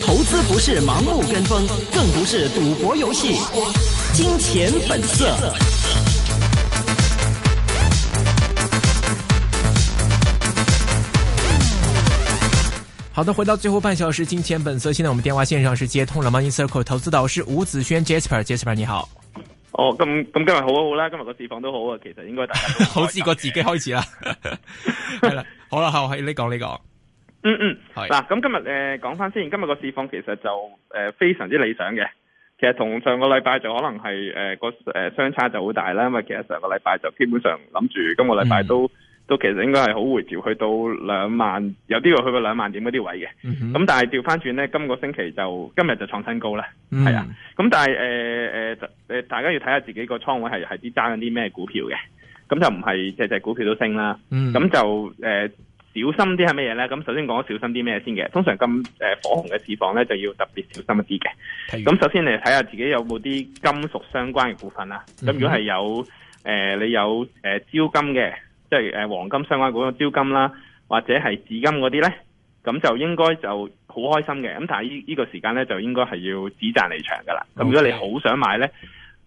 投資不是盲目跟風，更不是賭博遊戲，《金錢本色》。好的，回到最後半小時，《金錢本色》。現在我們電話線上是接通了，Money Circle 投資導師吳子軒 Jasper，Jasper 你好。哦，咁咁、oh，今日好好、啊、啦，今日個釋放都好啊，其實應該大家好試過自己開始啦，係啦，好啦，係你講，你講，嗯嗯，係、嗯、嗱，咁今日誒講翻先，今日個釋放其實就誒、呃、非常之理想嘅，其實同上個禮拜就可能係誒、呃、個誒相差就好大啦，因為其實上個禮拜就基本上諗住今個禮拜都、嗯。都其實應該係好回調，去到兩萬，有啲話去到兩萬點嗰啲位嘅。咁、嗯、哼但係調翻轉呢，今個星期就今日就創新高啦。係啊、嗯，咁但係誒、呃呃、大家要睇下自己個倉位係係啲揸緊啲咩股票嘅。咁就唔係隻隻股票都升啦。咁、嗯、就誒、呃、小心啲係咩嘢呢？咁首先講小心啲咩先嘅？通常咁、呃、火紅嘅市況呢，就要特別小心一啲嘅。咁完首先你睇下自己有冇啲金屬相關嘅股份啦。咁、嗯、哼如果係有誒、呃、你有誒招、呃、金嘅。即係誒黃金相關股嘅招金啦，或者係紙金嗰啲咧，咁就應該就好開心嘅。咁但係呢依個時間咧，就應該係要止賺離場噶啦。咁 Okay. 如果你好想買咧，誒、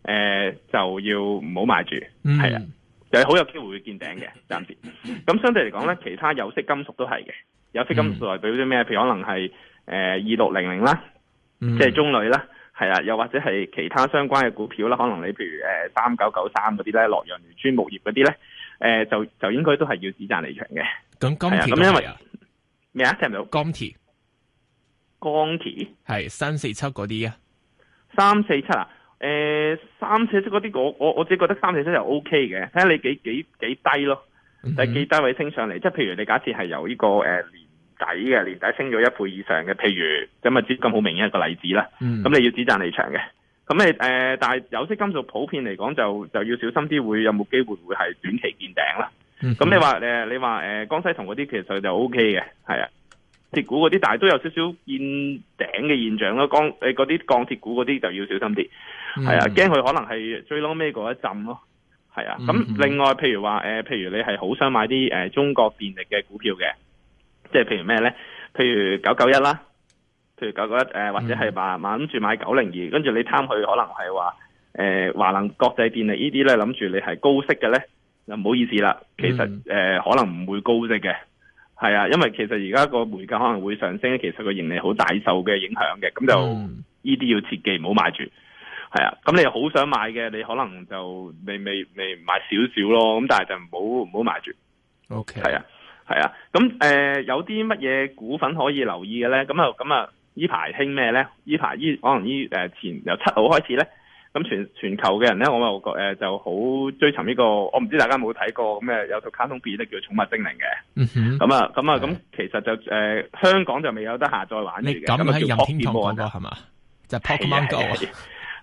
呃、就要唔好買住，係啊、mm hmm.，就係、是、好有機會會見頂嘅暫時。咁相對嚟講咧，其他有色金屬都係嘅。有色金屬代表啲咩？譬如可能係誒二六零零啦，mm hmm. 即係中鋁啦，係啦，又或者係其他相關嘅股票啦。可能你譬如誒三九九三嗰啲咧，洛陽鉬業嗰啲咧，誒、呃，就就應該都係要止賺離場嘅。咁鋼鐵咁因啊？咩啊？聽唔到？鋼鐵蹄？鋼鐵係三四七嗰啲啊？三四七啊？誒、呃，三四七嗰啲，我我我自己覺得三四七就 O K 嘅，睇下你幾幾幾低咯，就是、幾低位升上嚟。嗯嗯即係譬如你假設係由呢個誒年底嘅年底升咗一倍以上嘅，譬如咁啊，只、就、咁、是、好明顯一個例子啦。咁、嗯、你要止賺離場嘅。咁你，誒？但係、呃、有色金屬普遍嚟講，就就要小心啲，會有冇機會會係短期。咁、嗯、你話誒，你話誒、呃，江西銅嗰啲其實就 O K 嘅，係啊，鐵股嗰啲，但係都有少少見頂嘅現象咯。鋼誒，嗰啲鋼鐵股嗰啲就要小心啲，係啊，驚佢、嗯、哼可能係最撈尾嗰一陣咯，係啊。咁、嗯、哼另外，譬如話誒、呃，譬如你係好想買啲誒、呃、中國電力嘅股票嘅，即係譬如咩咧？譬如九九一啦，譬如九九一誒，或者係話諗住買九零二，嗯、2, 跟住你貪佢可能係話誒華能國際電力呢啲咧，諗住你係高息嘅咧。就唔好意思啦，其實誒、嗯呃、可能唔會高息嘅，係啊，因為其實而家個煤價可能會上升，其實個盈利好大受嘅影響嘅，咁就呢啲要切記唔好買住，係啊，咁你好想買嘅，你可能就未未未買少少咯，咁但係就唔好唔好買住，OK，係啊，係啊，咁誒、呃、有啲乜嘢股份可以留意嘅咧？咁啊咁啊，興興呢排興咩咧？呢排依可能依誒前、呃、前由七號開始咧。咁全全球嘅人咧，我又誒就好追尋呢個，我唔知大家有冇睇過咩有套卡通片咧叫《寵物精靈》嘅。咁啊，咁啊，咁其實就誒香港就未有得下載玩嘅。咁咁喺任天堂講過係嘛？就 Pokemon 嘅。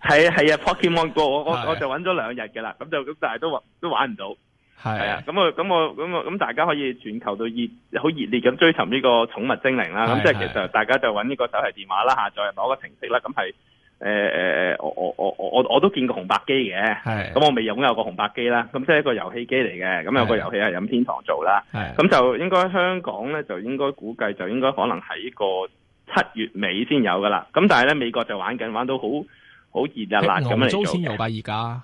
係啊係啊，Pokemon Go。我我就揾咗兩日嘅啦，咁就咁但係都玩都玩唔到。係啊。咁啊咁我咁我咁大家可以全球到熱好熱烈咁追尋呢個寵物精靈啦。咁即係其實大家就揾呢個手提電話啦，下載某一個程式啦，咁係。誒誒誒，我我我我我都見過紅白機嘅，係咁的我未擁有過紅白機啦，咁即係一個遊戲機嚟嘅，咁有個遊戲係《任天堂》做啦，咁就應該香港咧就應該估計就應該可能喺個七月尾先有噶啦，咁但係咧美國就玩緊，玩到好好熱辣辣咁嚟做。即係先有吧而家？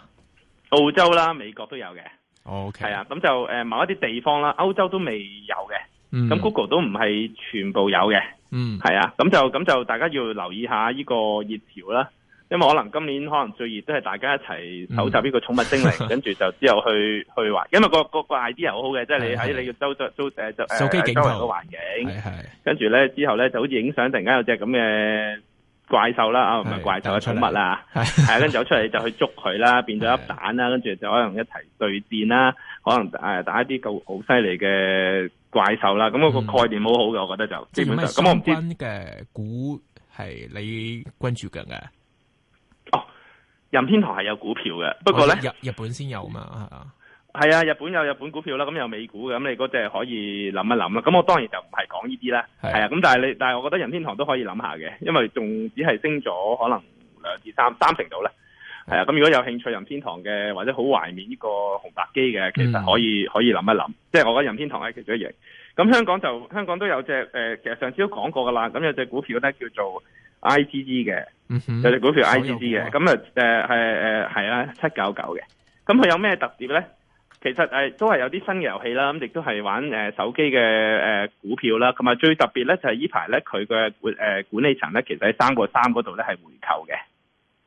澳洲啦，美國都有嘅，ok 係啊，咁就誒某一啲地方啦，歐洲都未有嘅，咁、嗯、Google 都唔係全部有嘅。嗯，係啊，咁就咁就大家要留意下呢個熱潮啦，因為可能今年可能最熱都係大家一齊搜集呢個寵物精靈，跟住、嗯、 就之後去去玩，因為個個，個 idea 好好嘅，即係是你喺你要周周誒就手機景圖個境，係跟住咧之後咧就好似影相，突然間有隻咁嘅。怪獸啦啊，唔係怪獸嘅寵物啊，係跟住走出嚟就去捉佢啦， 變咗粒蛋啦，跟住就可能一齊對戰啦，可能誒打一啲夠好犀利嘅怪獸啦，咁、那、我個概念好好嘅，嗯、我覺得就基本上，咁我唔知嘅股係你關注緊嘅。哦，任天堂係有股票嘅，不過咧日日本先有嘛。係啊，日本有日本股票啦，咁有美股嘅，咁你嗰隻可以諗一諗啦。咁我當然就唔係講呢啲啦，係的啊。咁但係你，但係我覺得任天堂都可以諗下嘅，因為仲只係升咗可能兩至三三成度喇。係啊，咁的如果有興趣任天堂嘅或者好懷念呢個紅白機嘅，其實可以可以諗一諗。嗯、即係我覺得任天堂係其中一樣，咁香港就香港都有隻誒、呃，其實上次都講過噶啦。咁有隻股票咧，叫做 IGG 嘅，嗯、哼有隻股票 IGG 嘅，咁啊誒係誒係啊七九九嘅。咁佢、呃、有咩特別咧？其實誒都係有啲新嘅遊戲啦，咁亦都係玩誒手機嘅誒股票啦，同埋最特別咧就係呢排咧佢嘅誒管理層咧，其實喺三個三嗰度咧係回購嘅，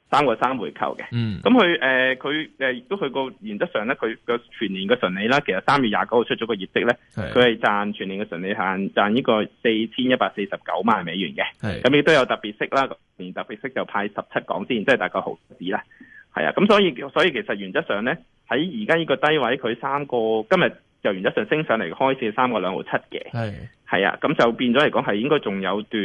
三個三回購嘅。嗯，咁佢誒佢亦都去過原則上咧，佢嘅全年嘅純利啦，其實三月廿九號出咗個業績咧，佢係賺全年嘅純利係賺呢個四千一百四十九萬美元嘅。咁亦是的 都有特別息啦，年特別息就派十七港仙，即係大概毫子啦。係啊，咁所以所以其實原則上咧。喺而家呢個低位，佢三個今日就原則上升上嚟，開始三個兩毫七嘅。係係啊，咁就變咗嚟講，係應該仲有段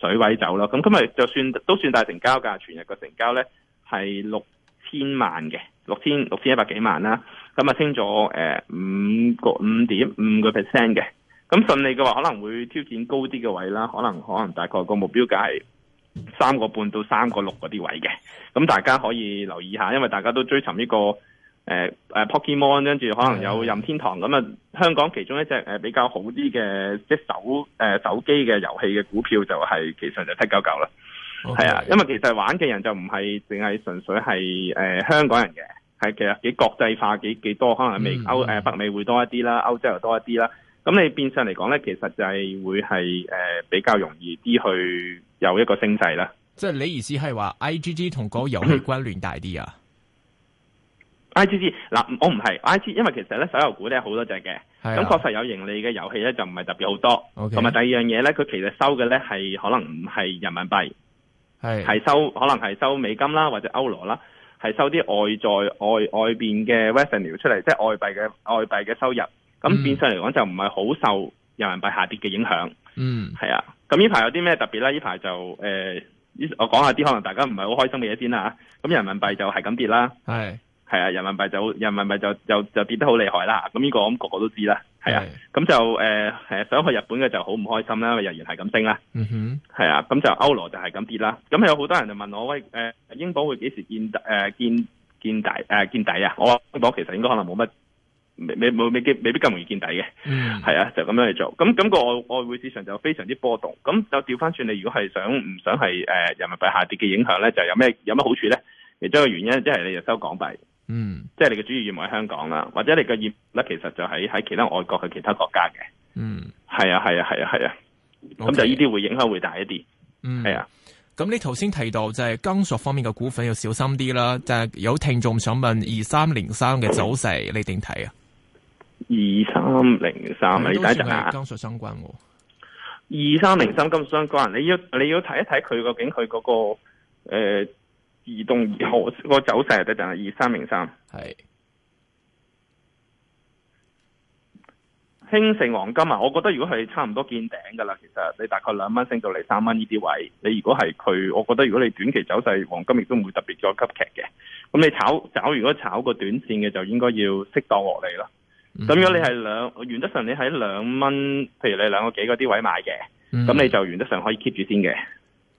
水位走咯。咁今日就算都算大成交價，全日個成交咧係六千萬嘅，六千六千一百幾萬啦。咁啊升咗誒五個五點五個 percent 嘅。咁順利嘅話，可能會挑戰高啲嘅位啦。可能可能大概個目標價係三個半到三個六嗰啲位嘅。咁大家可以留意下，因為大家都追尋呢個。誒誒、uh，Pokemon 跟住可能有任天堂咁啊，的香港其中一隻誒比較好啲嘅即手誒手機嘅遊戲嘅股票就係、是、其實就七九九啦，係啊 Okay.，因為其實玩嘅人就唔係淨係純粹係誒香港人嘅，係其實幾國際化幾幾多，可能美歐誒、嗯嗯、北美會多一啲啦，歐洲又多一啲啦，咁你變相嚟講咧，其實就係會係誒、呃、比較容易啲去有一個升勢啦。即係你意思係話 IGG 同嗰個遊戲關聯大啲啊？IGC 嗱，我唔係 IG 因為其實咧，手遊股咧好多隻嘅，咁、啊、確實有盈利嘅遊戲咧就唔係特別好多。同埋第二樣嘢咧，佢其實收嘅咧係可能唔係人民幣，係係是收可能係收美金啦或者歐羅啦，係收啲外在外外邊嘅 revenue 出嚟，即係外幣嘅外幣嘅收入。咁變相嚟講就唔係好受人民幣下跌嘅影響。嗯，係啊。咁呢排有啲咩特別咧？呢排就、呃、我講下啲可能大家唔係好開心嘅嘢先啦。咁人民幣就係咁跌啦。係。係啊，人民幣就人民幣就就就跌得好厲害啦。咁呢個我咁個個都知啦。係的啊，咁就誒誒、呃、想去日本嘅就好唔開心啦，因為日元係咁升啦。嗯哼，係啊，咁就歐羅就係咁跌啦。咁有好多人就問我喂誒、呃，英鎊會幾時見誒、呃、見見底誒、呃、見底啊？我話英鎊其實應該可能冇乜，未未未未，未必咁容易見底嘅。嗯，係啊，就咁樣去做。咁咁、咁個外外匯市場就非常之波動。咁就調翻轉你，如果係想唔想係誒、呃、人民幣下跌嘅影響咧，就有咩有乜好處咧？其中一個原因即係你收港幣。嗯，即係你嘅主要業務喺香港啦，或者你個業務咧，其實就喺喺其他外國去其他國家嘅。嗯，係啊，係啊，係啊，係啊，咁 Okay，就呢啲會影響會大一啲。嗯，係啊，咁你頭先提到就係金屬方面嘅股份要小心啲啦。就係有聽眾想問二三零三嘅走勢，你點睇啊？二三零三，你睇一陣金屬相關，二三零三金屬相關，你要你要睇一睇佢究竟佢嗰個誒。呃移動二、何個走勢係對陣二三零三，係是。興盛黃金啊，我覺得如果係差唔多見頂噶啦，其實你大概兩蚊升到嚟三蚊呢啲位，你如果係佢，我覺得如果你短期走勢黃金亦都唔會特別咗急劇嘅。咁你炒炒如果炒個短線嘅就應該要適當獲利咯。咁、mm hmm. 果你係兩，原則上你喺兩蚊，譬如你兩個幾嗰啲位買嘅，咁、mm hmm. 你就原則上可以 keep 住先嘅。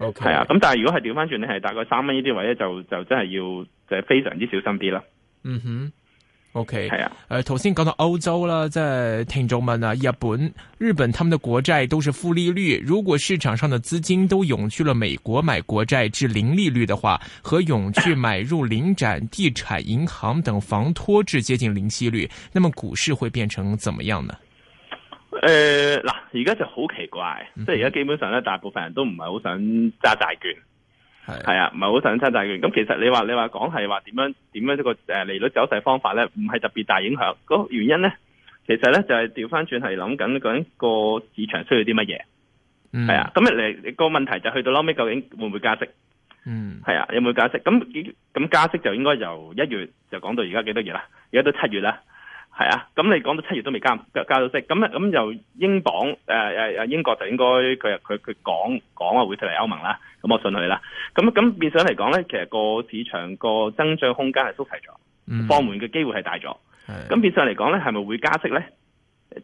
係啊，咁但係如果係調翻轉，你係大概三蚊呢啲位咧，就就真係要就係非常之小心啲啦。嗯哼，OK，係啊、呃。誒，頭先講到歐洲啦，在聽眾問啊，日本日本他們的國債都是負利率。如果市場上的資金都湧去了美國買國債至零利率的話，和湧去買入領展地產銀行等房託至接近零息率，那麼股市會變成怎麼樣呢？誒，嗱、呃，而家就好奇怪，嗯、哼即係而家基本上咧，大部分人都唔係好想揸債券，係啊的，唔係好想揸債券。咁其實你話你話講係話點樣點樣呢個誒利率走勢方法咧，唔係特別大影響。個原因咧，其實咧就係調翻轉，係諗緊究竟個市場需要啲乜嘢，係啊、嗯。咁你、你個問題就去到後尾，究竟會唔會加息？嗯，係啊，有冇加息？咁咁加息就應該由一月就講到而家幾多月啦？而家都七月啦。係啊，咁你講到七月都未加，加到息，咁啊，咁又英鎊誒誒誒，英國就應該佢佢佢講講啊，會脫離歐盟啦，咁我信佢啦。咁咁變相嚟講咧，其實個市場個增長空間係縮細咗，放緩嘅機會係大咗。咁、嗯、變相嚟講咧，係咪會加息咧？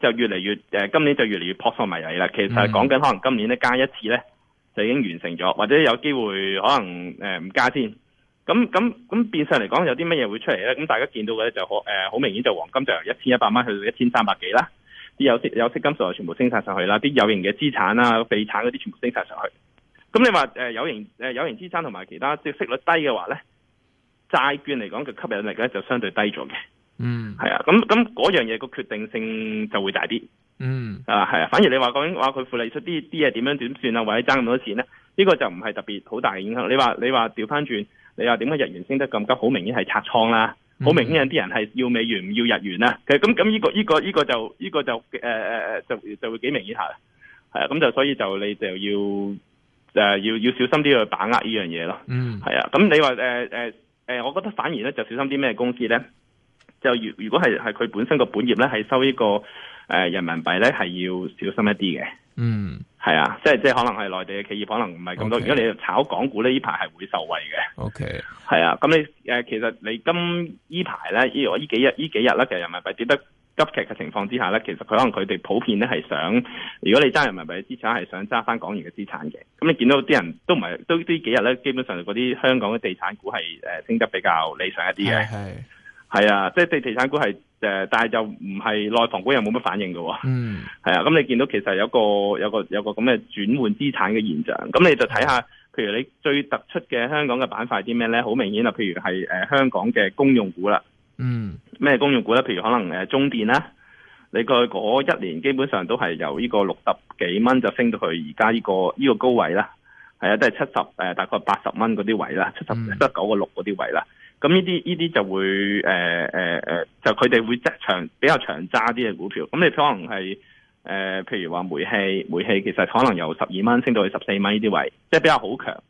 就越嚟越誒、呃，今年就越嚟越撲朔迷離啦。其實係講緊可能今年咧加一次咧，就已經完成咗，或者有機會可能誒唔加先。咁咁咁變相嚟講，有啲乜嘢會出嚟咧？咁大家見到嘅咧就好誒，好、呃、明顯就黃金就由一千一百蚊去到一千三百幾啦。啲有息有息金數又全部升晒上去啦。啲有形嘅資產啊、地產嗰啲全部升晒上去。咁你話誒、呃、有形誒有形資產同埋其他即息率低嘅話咧，債券嚟講嘅吸引力咧就相對低咗嘅。嗯，係啊。咁咁嗰樣嘢個決定性就會大啲。嗯啊，啊係啊。反而你話講話佢負利息啲啲嘢點樣點算啊，或者爭咁多錢咧？呢、呢個就唔係特別好大嘅影響。你話你話調翻轉。你話點解日元升得咁急？好明顯係拆倉啦，好明顯有啲人係要美元唔要日元啦。其實咁咁呢個呢個呢個就呢個就誒誒誒就就會幾明顯下嘅，係啊。咁就所以就你就要誒要要，要小心啲去把握呢樣嘢咯。嗯，係啊。咁你話誒誒誒，我覺得反而咧就小心啲咩公司咧？就如如果係係佢本身個本業咧係收呢個誒人民幣咧係要小心一啲嘅。嗯。係啊，即係即係，可能係內地嘅企業，可能唔係咁多。Okay. 如果你炒港股呢，呢排係會受惠嘅。OK，係啊。咁你誒，其實你今呢排咧，呢我呢幾日，呢，幾日咧，其實人民幣跌得急劇嘅情況之下咧，其實佢可能佢哋普遍咧係想，如果你揸人民幣資產，係想揸翻港元嘅資產嘅。咁你見到啲人都唔係，都呢幾日咧，基本上嗰啲香港嘅地產股係誒升得比較理想一啲嘅。係係是啊，即係地地產股係。誒，但係就唔係內房股又冇乜反應嘅喎，嗯，係啊，咁你見到其實有個有個有個咁嘅轉換資產嘅現象，咁你就睇下，譬如你最突出嘅香港嘅板塊啲咩咧？好明顯啊，譬如係誒、呃、香港嘅公用股啦，嗯，咩公用股咧？譬如可能誒、呃、中電啦，你過去嗰一年基本上都係由呢個六十幾蚊就升到去而家呢個呢個高位啦，係啊，都係七十誒大概八十蚊嗰啲位啦，七十九個六嗰啲位啦。嗯嗯咁呢啲呢啲就會誒誒誒，就佢哋會即長比較長揸啲嘅股票。咁你可能係誒、呃，譬如話煤氣，煤氣其實可能由十二蚊升到去十四蚊呢啲位，即、係、比較好強。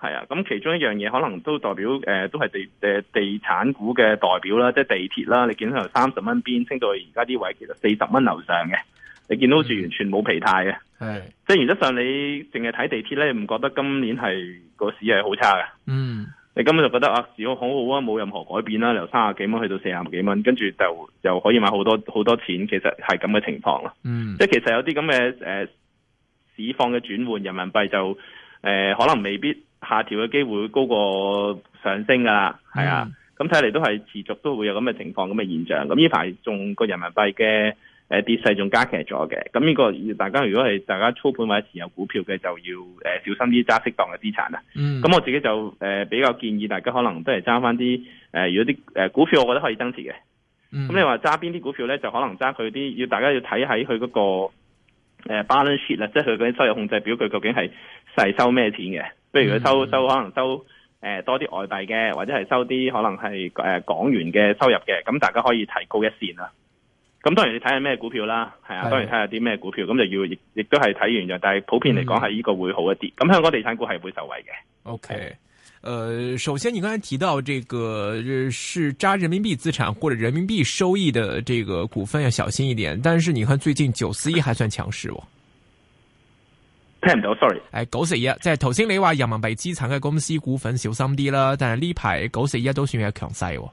係啊，咁其中一樣嘢可能都代表誒、呃，都係地地、地產股嘅代表啦，即地鐵啦。你見到由三十蚊邊升到去而家啲位，其實四十蚊樓上嘅，你見到好似完全冇疲態嘅。係、嗯，即原則上你淨係睇地鐵咧，你唔覺得今年係、個市係好差嘅。嗯。你根本就覺得啊，市況好，好好啊，冇任何改變啦，由三十幾蚊去到四十幾蚊，跟住就就可以買好多好多錢，其實係咁嘅情況咯。嗯，即係其實有啲咁嘅誒市況嘅轉換，人民幣就誒、呃、可能未必下調嘅機會高過上升㗎啦，係啊、嗯，咁睇嚟都係持續都會有咁嘅情況咁嘅現象。咁呢排仲個人民幣嘅。誒，跌勢仲加劇咗嘅，咁呢個大家如果係大家操盤或者持有股票嘅，就要誒小心啲揸適當嘅資產啦。咁、嗯、我自己就誒比較建議大家可能都係揸翻啲，誒如果啲誒股票我覺得可以增持嘅。咁、嗯、你話揸邊啲股票咧，就可能揸佢啲要大家要睇喺佢嗰個 balance sheet 啦，即係佢嗰啲收入控制表，佢究竟係細收咩錢嘅？譬如佢收收可能收多啲外幣嘅，或者係收啲可能係港元嘅收入嘅，咁大家可以提高一線啦。咁當然你睇下咩股票啦，係啊，當然睇下啲咩股票，咁就要亦亦都係睇完嘅。但係普遍嚟講係呢個會好一啲。咁香港地產股係會受惠嘅。O K，誒，首先你剛才提到這個是揸人民幣資產或者人民幣收益的這個股份要小心一點，但是你看最近九四一還算強勢喎。哦。聽唔到，sorry。係九四一，即係頭先你話人民幣資產嘅公司股份小心啲啦，但係呢排九四一都算係強勢。哦。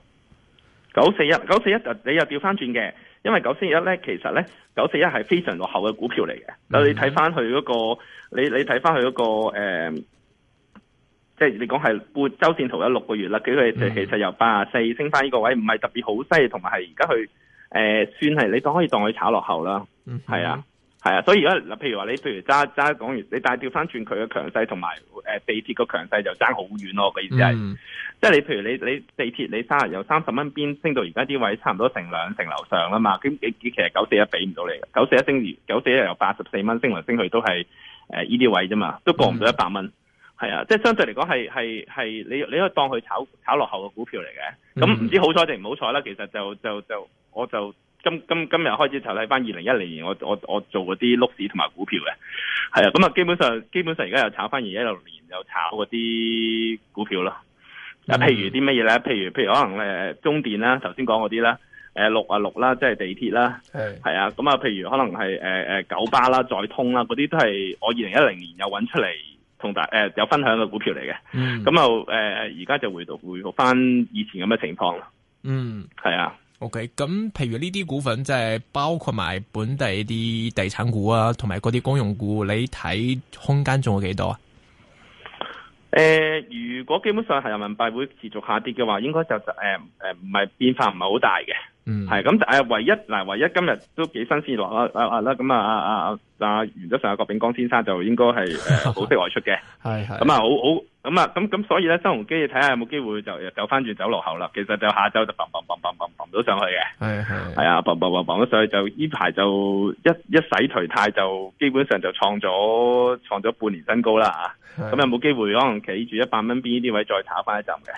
九四一，九四一你又調翻轉嘅。因為九四一咧，其實咧，九四一係非常落後嘅股票嚟嘅。嗯、哼你睇翻佢嗰個，你你睇翻佢嗰個、呃、即係你講係週線圖一六個月啦，佢其實由八啊四升翻呢個位，唔係特別好犀利，同埋係而家佢誒算係你都可以當佢炒落後啦。嗯哼，係啊。係啊，所以而家嗱，譬如話你，譬如揸揸講完，你帶調翻轉佢嘅強勢同埋誒地鐵個強勢就爭好遠咯。個意思係，即係你譬如你你，你地鐵你三日由三十蚊邊升到而家啲位置，差唔多成兩成樓上啦嘛。咁幾其實九四一俾唔到你嘅，九四一升九四一由八十四蚊升嚟升去都係誒呢啲位啫嘛，都過唔到一百蚊。係、嗯、啊，即係相對嚟講，係係係你你可以當佢炒炒落後嘅股票嚟嘅。咁唔、嗯嗯、知好彩定唔好彩啦。其實就就就，就我就。今今今日開始就睇翻二零一零年我，我我我做嗰啲碌市同埋股票嘅。係啊，咁啊，基本上基本上而家又炒翻二零一六年，又炒嗰啲股票咯。啊，譬如啲乜嘢咧？譬如譬如可能誒中電啦，頭先講嗰啲啦，誒六啊六啦，即係地鐵啦，係係啊，咁啊，譬如可能係誒誒九巴啦、載通啦，嗰啲都係我二零一零年有揾出嚟同大誒、呃、有分享嘅股票嚟嘅。嗯，咁又誒而家就回到回頭翻以前咁嘅情況啦。嗯，係啊。OK，咁譬如呢啲股份，即係包括埋本地啲地產股啊，同埋嗰啲公用股，你睇空間仲有幾多啊？誒、呃，如果基本上係人民幣會持續下跌嘅話，應該就誒誒，唔、呃、係變化唔係好大嘅。嗯，係咁誒，唯一嗱，唯一今日都幾新鮮落啦，啊啦咁啊，阿阿阿阿袁先生阿郭炳江先生就應該係誒好識外出嘅，係係，咁啊好好，咁啊咁咁，所以咧新鴻基睇下有冇機會就走翻轉走落後啦，其實就下周就嘣嘣嘣嘣嘣嘣到上去嘅，係係，係啊嘣嘣嘣嘣咗上去就呢排就一一洗頹態就基本上就創咗創咗半年新高啦啊，咁有冇機會可能企住一百蚊邊呢啲位再炒翻一浸嘅？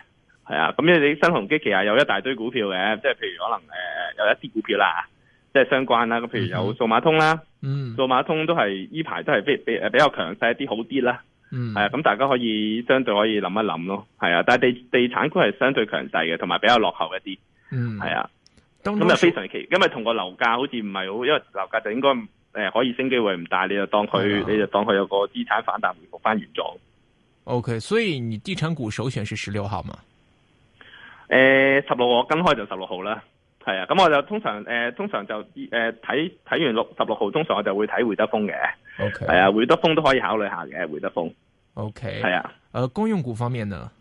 係啊，咁因為你新鴻基其實有一大堆股票嘅，即係譬如可能誒、呃、有一啲股票啦，即係相關啦。咁譬如有數碼通啦，嗯，數碼通都係呢排都係比比誒比較強勢一啲好啲啦。嗯，係啊，咁大家可以相對可以諗一諗咯。係啊，但係地地產股係相對強勢嘅，同埋比較落後一啲。嗯，係啊，咁啊時非常奇，因為同個樓價好似唔係好，因為樓價就應該誒可以升機會唔大，你就當佢、嗯啊、你就當佢有個資產反彈回覆翻原狀。O K，所以你地產股首選是十六號嘛？誒，十六、呃、我跟開就十六號啦，係啊，咁我就通常誒、呃，通常就誒睇睇完六十六號，通常我就會睇會德豐嘅，係 Okay. 啊，會德豐都可以考慮下嘅，會德豐，OK，係啊，誒、呃、公用股方面呢？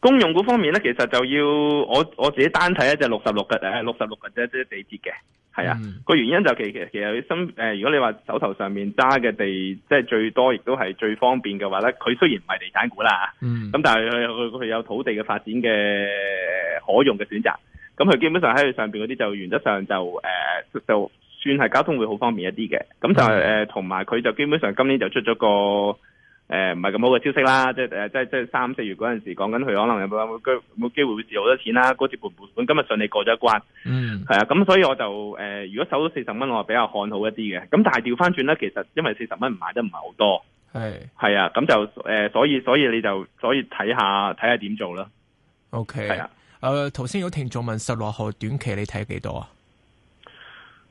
公用股方面呢，其實就要我我自己單睇咧就六十六嘅，誒六十六嘅即係地鐵嘅。係啊，個原因就其實其實其實，誒，如果你話手頭上面揸嘅地即係最多，亦都係最方便嘅話咧，佢雖然唔係地產股啦，咁、嗯、但係佢佢佢有土地嘅發展嘅可用嘅選擇，咁佢基本上喺佢上邊嗰啲就原則上就誒、呃、就算係交通會好方便一啲嘅，咁就係誒同埋佢就基本上今年就出咗個。誒，唔係咁好嘅消息啦，即係誒，即係即係三四月嗰陣時講緊佢可能有冇冇機冇機會會蝕好多錢啦，嗰次盤本,本本今日順利過咗一關，嗯，係啊，咁所以我就誒、呃，如果守到四十蚊，我係比較看好一啲嘅，咁但係調翻轉咧，其實因為四十蚊唔買得唔係好多，係係是 啊，咁就誒、呃，所以所以你就所以睇下睇下點做啦，OK，係是啊、呃，誒，頭先有聽眾問十六號短期你睇幾多啊？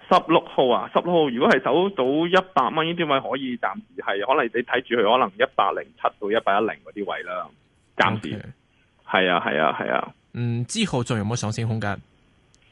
十六號啊，十六號如果係走到一百蚊呢啲位，可以暫時係可能你睇住佢，可能一百零七到一百一零嗰啲位啦，暫時。係啊係啊係啊，啊啊嗯之後再有冇上升空間？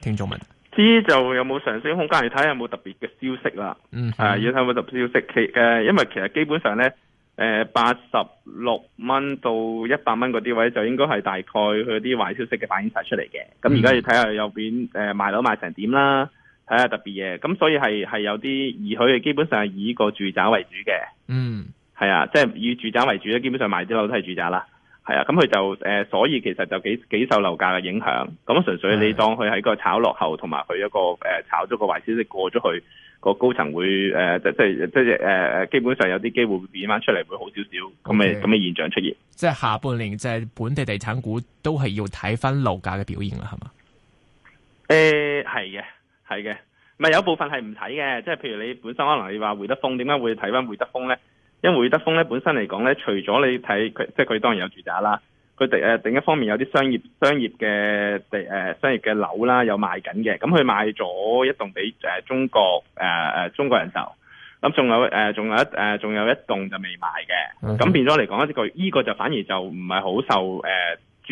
聽眾問，知有沒有，就有冇上升空間？你睇下有冇特別嘅消息啦。嗯、mm，係、hmm. 要睇下有冇特別消息。其誒，因為其實基本上咧，誒八十六蚊到一百蚊嗰啲位就應該係大概佢啲壞消息嘅反映晒出嚟嘅。咁而家要睇下右邊誒賣樓賣成點啦。睇下、啊、特別嘢，咁所以係係有啲而佢基本上係以個住宅為主嘅，嗯，係啊，即係以住宅為主咧，基本上買啲樓都係住宅啦，係啊，咁佢就誒、呃，所以其實就幾幾受樓價嘅影響，咁純粹你當佢喺個炒落後，同埋佢一個誒、呃、炒咗個壞消息過咗去、個高層會誒、呃，即係即、呃、基本上有啲機會變翻出嚟會好少少，咁嘅咁嘅現象出現。即係下半年，即、就、係、是、本地地產股都係要睇翻樓價嘅表現啦，係嘛？誒、呃，係嘅。係嘅，有部分係唔睇嘅。即係譬如你本身可能你話匯德豐，點解會睇翻匯德豐咧？因為匯德豐咧本身嚟講咧，除咗你睇佢，即係佢當然有住宅啦，佢哋誒，另一方面有啲商業商業嘅地誒，商業嘅樓啦有賣緊嘅，咁佢賣咗一棟俾誒中國誒誒中國人壽，咁仲有誒仲有一誒仲有一棟就未賣嘅，咁變咗嚟講呢個呢個就反而就唔係好受誒。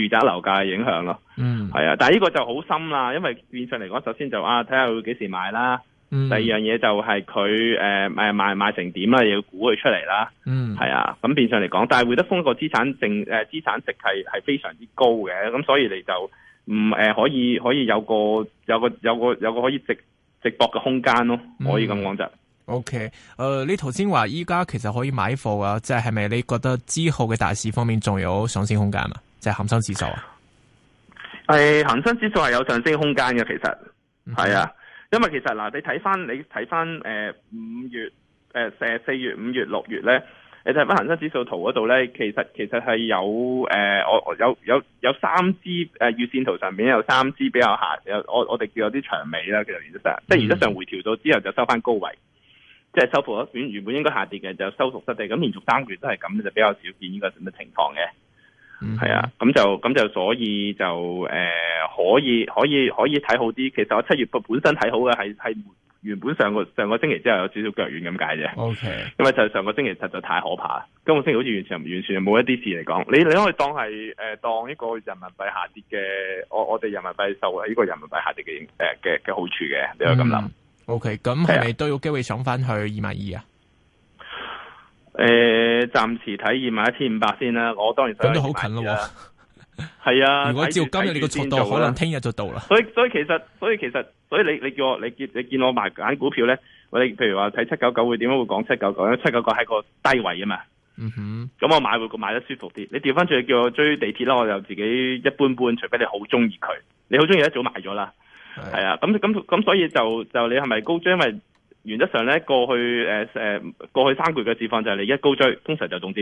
住宅樓價嘅影響咯，嗯，係啊，但係呢個就好深啦。因為變相嚟講，首先就啊，睇下佢幾時買啦。嗯、第二樣嘢就係佢誒誒賣賣，賣成點啦，要估佢出嚟啦。嗯，係啊。咁變相嚟講，但係會德豐個資產淨誒資產值係係非常之高嘅，咁所以你就唔誒、呃、可以可以有個有個有個有個可以直直博嘅空間咯。可以咁講就 OK、呃。誒，你頭先話依家其實可以買貨啊，即係係咪你覺得之後嘅大市方面仲有上升空間啊？即係恒生指數啊，係恒生指數係有上升空間嘅。其實係啊，因為其實嗱，你睇翻你睇翻誒五月誒四四月五月六月咧，你睇翻恒生指數圖嗰度咧，其實其實係有誒我有有有三支誒月線圖上面有三支比較下，有我我哋叫有啲長尾啦。其實，其實，即係原則上回調到之後就收翻高位，即係收復咗原本應該下跌嘅就收復失地。咁連續三個月都係咁，就比較少見呢個咁嘅情況嘅。係、mm hmm. 啊，咁就咁就所以就誒、呃，可以可以可以睇好啲。其實我七月本本身睇好嘅係係原本上個上個星期之後有少少腳軟咁解啫。O Okay . K，因為就上個星期實在太可怕啦，今個星期好似完全唔完全，冇一啲事嚟講。你你可以當係誒、呃、當一個人民幣下跌嘅，我我哋人民幣受呢個人民幣下跌嘅誒嘅嘅好處嘅，你可以咁諗。O K，咁係咪都有機會想翻去二萬二啊？2? 誒，暫、呃、時睇以買一千五百先啦，我當然咁都好近咯。係買了 啊，如果照今日呢個速度，看著看著可能聽日就到啦。所以所以其實所以其實所以你你叫我你見你見我買揀股票咧，我你譬如話睇七九九會點樣會講七九九咧？因為七九九係個低位啊嘛。嗯哼，咁我買會個買得舒服啲。你調翻轉，叫我追地鐵啦，我就自己一般般。除非你好中意佢，你好中意，一早買咗啦。係的啊，咁咁咁，所以就就你係咪高張因為原則上咧，過去誒誒、呃、過去三個月嘅狀況就係你一高追，通常就中招。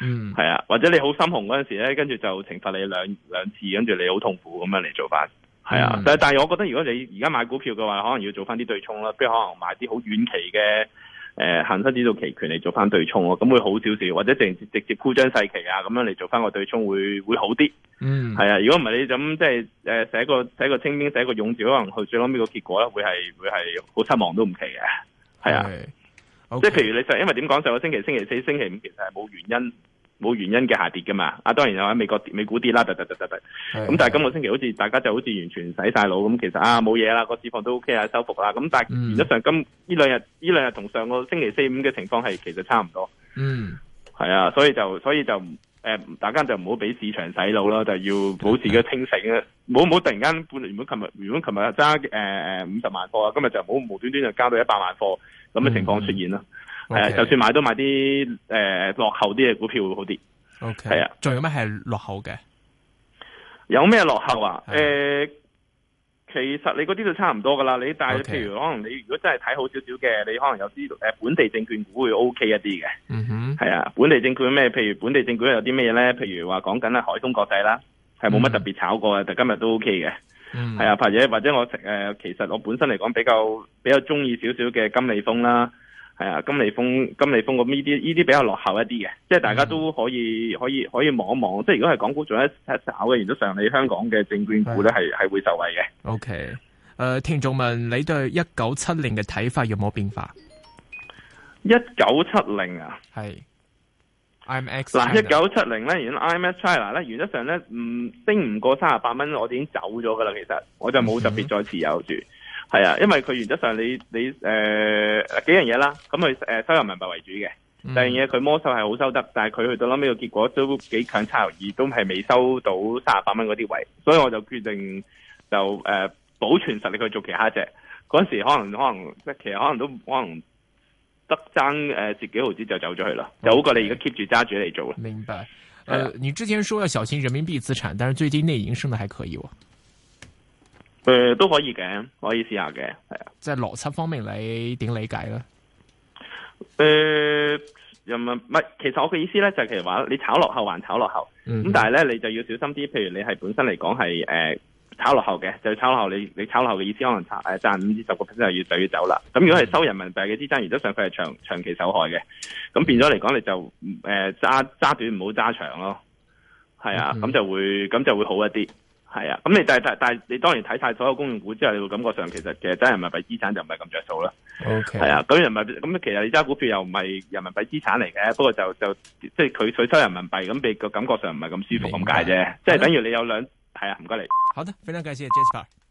嗯，係啊，或者你好心紅嗰陣時咧，跟住就懲罰你兩,兩次，跟住你好痛苦咁樣嚟做翻。係啊，嗯、但係但係，我覺得如果你而家買股票嘅話，可能要做翻啲對沖啦，不如可能買啲好遠期嘅。誒，行失呢度期權嚟做翻對沖咯，咁會好少少，或者直接直接鋪張細期啊，咁樣嚟做翻個對沖會會好啲。嗯，係啊，如果唔係你咁即係，誒、呃、寫個寫個清兵寫個勇字，可能去最屘個結果咧，會係會係好失望都唔奇嘅。係啊，即係譬如你上，因為點講上個星期星期四星期五其實係冇原因。冇原因嘅下跌噶嘛？啊，當然有喺美國跌、美股跌啦，突突突突突。咁是的 但係今個星期好似大家就好似完全洗晒腦咁，其實啊冇嘢啦，個市況都 OK 啊，收復啦。咁但係原則上今呢兩日呢兩日同上個星期四五嘅情況係其實差唔多。嗯，係啊，所以就所以就誒、呃、大家就唔好俾市場洗腦啦，就要保持個清醒啊！冇好是的 突然間本嚟原本琴日原本琴日揸誒誒五十萬貨啊，今日就冇無端端就加到一百萬貨咁嘅情況出現啦。嗯嗯。Okay. 啊、就算買都買啲誒、呃、落後啲嘅股票會好啲。O K，係啊，仲有咩係落後嘅，有咩落後啊？誒 Yeah.、呃，其實你嗰啲都差唔多噶啦。你但係 Okay. 譬如可能你如果真係睇好少少嘅，你可能有啲誒、呃、本地證券股會 O、OK、K 一啲嘅。嗯哼、mm，係、hmm. 啊，本地證券咩？譬如本地證券有啲咩咧？譬如話講緊係海通國際啦，係冇乜特別炒過啊，但今日都 O K 嘅。嗯、mm，係、hmm. 啊，或者或者我誒、呃，其實我本身嚟講比較比較中意少少嘅金利豐啦。係啊，金利豐、金利豐咁呢啲呢啲比較落後一啲嘅，即係大家都可以、嗯、可以可以望一望。即係如果係港股仲一喺炒嘅，原則上你香港嘅證券股咧係係會受惠嘅。OK，誒、呃，聽眾問你對一九七零嘅睇法有冇變化？一九七零啊，係 IMX 嗱，一九七零咧，如果 IMX China 咧，原則上咧唔升唔過三十八蚊，我已經走咗噶啦。其實我就冇特別再持有住。嗯嗯。係啊，因為佢原則上你你誒幾樣嘢啦，咁佢誒收入人民幣為主嘅。嗯、第二樣嘢佢魔獸係好收得，但係佢去到諗屘個結果都幾強差人意，都係未收到三十八蚊嗰啲位置，所以我就決定就誒保存實力去做其他隻。嗰時可能可能即係其實可能都可能得爭誒十幾毫子就走咗去啦，嗯、就好過你而家 keep 住揸住嚟做啦。明白。誒、啊，你之前說要小心人民幣資產，但是最近內銀升得還可以喎、哦。誒、呃，都可以嘅，可以試下嘅，係啊。即係邏輯方面，你點理解咧？誒、呃，人民其實我嘅意思咧，就係其實話你炒落後還炒落後，咁、嗯、哼但係咧，你就要小心啲。譬如你係本身嚟講係誒炒落後嘅，就炒落後，你你炒落後嘅意思可能差誒賺五至十個 percent，越就要走啦。咁、嗯、哼如果係收人民幣嘅資金，而都上佢係長長期受害嘅，咁變咗嚟講，你就誒揸揸短唔好揸長咯。係啊，咁、嗯、哼就會咁就會好一啲。係啊，咁你但係但係你當然睇曬所有公用股之後，你會感覺上其實其實真係人民幣資產就唔係咁著數啦。OK，係啊，咁人民幣咁，其實你揸股票又唔係人民幣資產嚟嘅，不過就就即係佢取收人民幣，咁你個感覺上唔係咁舒服咁解啫。即係白等於你有兩，係啊，唔該的的你。好的，非常感謝 Jasper。